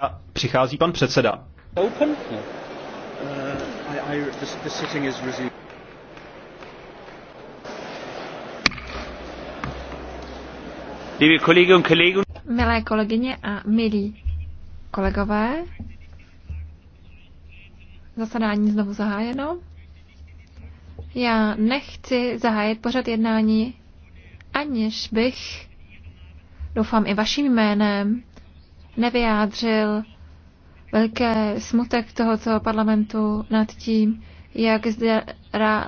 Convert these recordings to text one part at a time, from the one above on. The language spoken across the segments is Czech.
A přichází pan předseda. No. Uh, Milé kolegyně a milí kolegové, zasedání znovu zahájeno. Já nechci zahájit pořad jednání, aniž bych doufám i vaším jménem, nevyjádřil velké smutek tohoto parlamentu nad tím, jak zde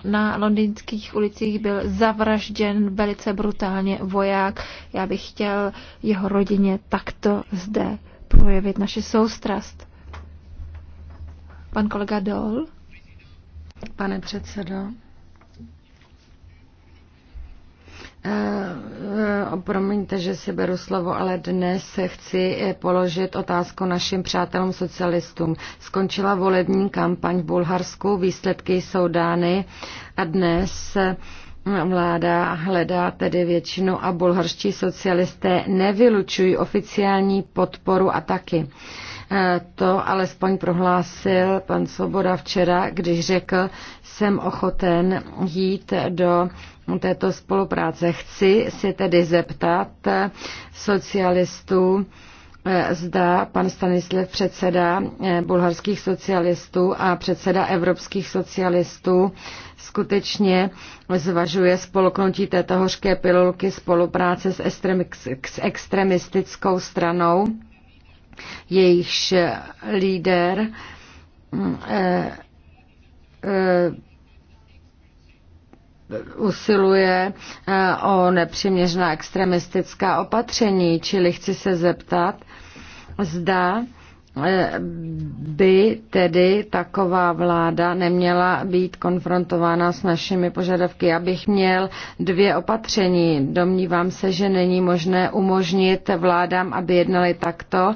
na londýnských ulicích byl zavražděn velice brutálně voják. Já bych chtěl jeho rodině takto zde projevit naši soustrast. Pan kolega Dol. Pane předsedo, Promiňte, že si beru slovo, ale dnes chci eh, položit otázku našim přátelům socialistům. Skončila volební kampaň v Bulharsku, výsledky jsou dány a dnes eh, vláda hledá tedy většinu a bulharští socialisté nevylučují oficiální podporu a taky. Eh, to alespoň prohlásil pan Svoboda včera, když řekl, jsem ochoten jít do této spolupráce. Chci si tedy zeptat socialistů, eh, zda pan Stanislav předseda eh, bulharských socialistů a předseda evropských socialistů skutečně zvažuje spolknutí této hořké pilulky spolupráce s, extrem, s extremistickou stranou, jejichž líder mm, eh, eh, usiluje eh, o nepřiměřná extremistická opatření, čili chci se zeptat, zda eh, by tedy taková vláda neměla být konfrontována s našimi požadavky. Abych měl dvě opatření. Domnívám se, že není možné umožnit vládám, aby jednali takto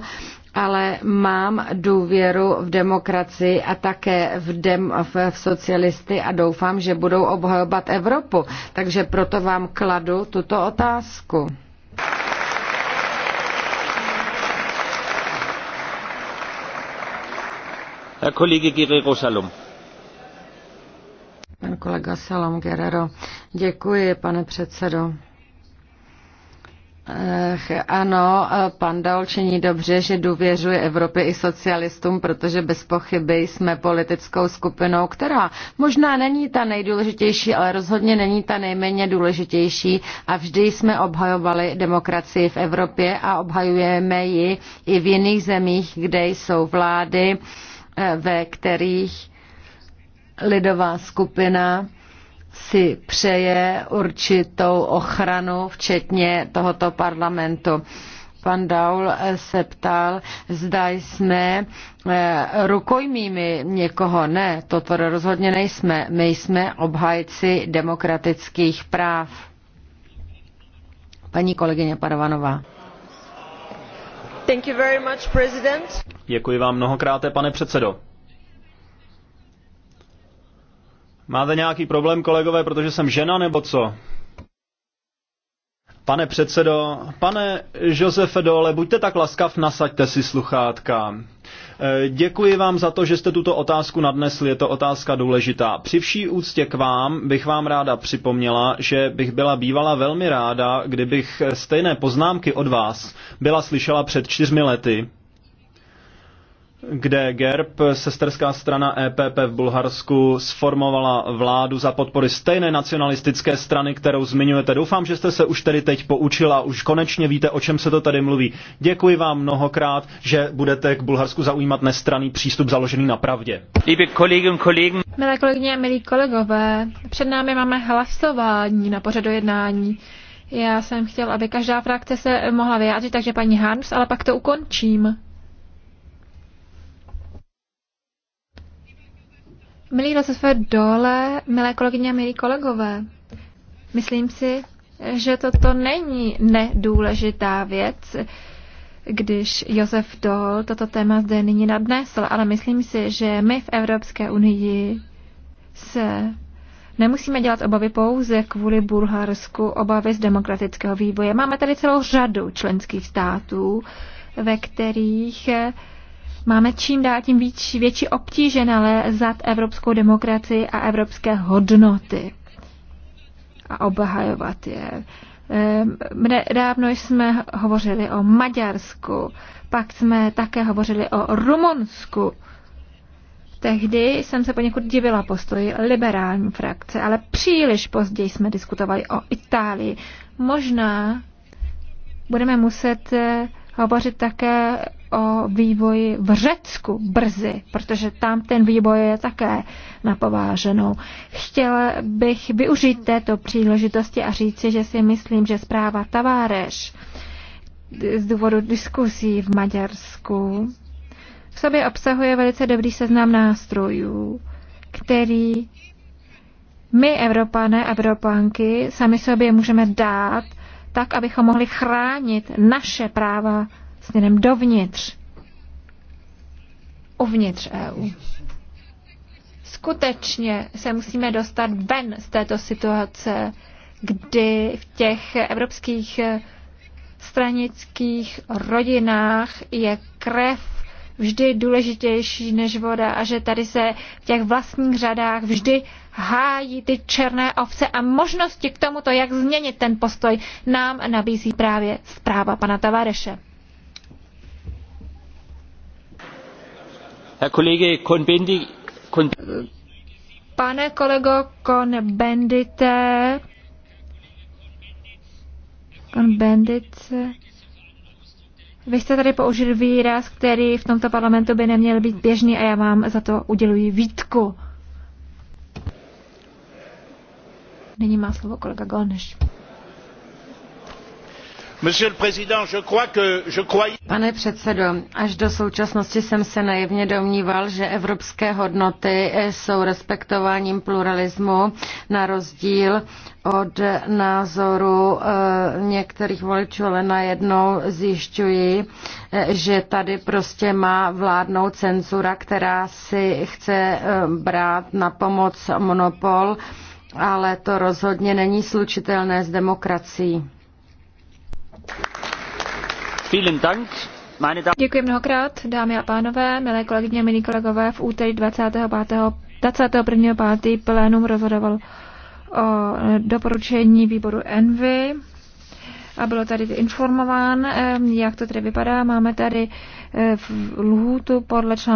ale mám důvěru v demokracii a také v, dem, v, v socialisty a doufám, že budou obhajovat Evropu. Takže proto vám kladu tuto otázku. Pan kolega Salom Guerrero. Děkuji, pane předsedo. Eh, ano, eh, pan Daul dobře, že důvěřuje Evropě i socialistům, protože bez pochyby jsme politickou skupinou, která možná není ta nejdůležitější, ale rozhodně není ta nejméně důležitější a vždy jsme obhajovali demokracii v Evropě a obhajujeme ji i v jiných zemích, kde jsou vlády, eh, ve kterých lidová skupina si přeje určitou ochranu, včetně tohoto parlamentu. Pan Daul se ptal, zda jsme eh, rukojmími někoho. Ne, To toto rozhodně nejsme. My jsme obhájci demokratických práv. Paní kolegyně Parvanová. Thank you very much, president. Děkuji vám mnohokrát, pane předsedo. Máte nějaký problém, kolegové, protože jsem žena nebo co? Pane předsedo, pane Josefe Dole, buďte tak laskav, nasaďte si sluchátka. E, děkuji vám za to, že jste tuto otázku nadnesli, je to otázka důležitá. Při vší úctě k vám bych vám ráda připomněla, že bych byla bývala velmi ráda, kdybych stejné poznámky od vás byla slyšela před čtyřmi lety, kde GERB, sesterská strana EPP v Bulharsku, sformovala vládu za podpory stejné nacionalistické strany, kterou zmiňujete. Doufám, že jste se už tedy teď poučila, a už konečně víte, o čem se to tady mluví. Děkuji vám mnohokrát, že budete k Bulharsku zaujímat nestraný přístup založený na pravdě. Milé kolegyně, milí kolegové, před námi máme hlasování na pořadu jednání. Já jsem chtěl, aby každá frakce se mohla vyjádřit, takže paní Hans, ale pak to ukončím. Milí Rosefe Dole, milé kolegyně a milí kolegové, myslím si, že toto není nedůležitá věc, když Josef Dol toto téma zde nyní nadnesl, ale myslím si, že my v Evropské unii se nemusíme dělat obavy pouze kvůli Bulharsku, obavy z demokratického vývoje. Máme tady celou řadu členských států, ve kterých Máme čím dál tím víc, větší obtíže nalézat evropskou demokracii a evropské hodnoty a obhajovat je. Ehm, dávno jsme hovořili o Maďarsku, pak jsme také hovořili o Rumunsku. Tehdy jsem se poněkud divila postoji liberální frakce, ale příliš později jsme diskutovali o Itálii. Možná budeme muset eh, hovořit také o vývoji v Řecku brzy, protože tam ten vývoj je také napováženou. Chtěl bych využít této příležitosti a říci, že si myslím, že zpráva Taváreš z důvodu diskuzí v Maďarsku v sobě obsahuje velice dobrý seznam nástrojů, který my, Evropané Evropanky, sami sobě můžeme dát, tak, abychom mohli chránit naše práva směrem dovnitř. Uvnitř EU. Skutečně se musíme dostat ven z této situace, kdy v těch evropských eh, stranických rodinách je krev vždy důležitější než voda a že tady se v těch vlastních řadách vždy hájí ty černé ovce a možnosti k tomuto, jak změnit ten postoj, nám nabízí právě zpráva pana Tavareše. Pane kolego Kohn-Bendite, Kohn-Bendit, vy jste tady použil výraz, který v tomto parlamentu by neměl být běžný a já vám za to uděluji výtku. Nyní má slovo kolega Golneš. Pane předsedající až do současnosti jsem se naivně domníval, že evropské hodnoty jsou respektováním pluralismu na rozdíl od názoru eh, některých voličů, ale najednou zjišťuji, eh, že tady prostě má vládnout cenzura, která si chce eh, brát na pomoc monopol, ale to rozhodně není slučitelné s demokracií. Děkuji mnohokrát, dámy a pánové, milé kolegyně, milí kolegové. V úterý 25. 21. plénum rozhodoval o doporučení výboru Envy a bylo tady informován, eh, jak to tedy vypadá. Máme tady eh, v lhůtu podle článku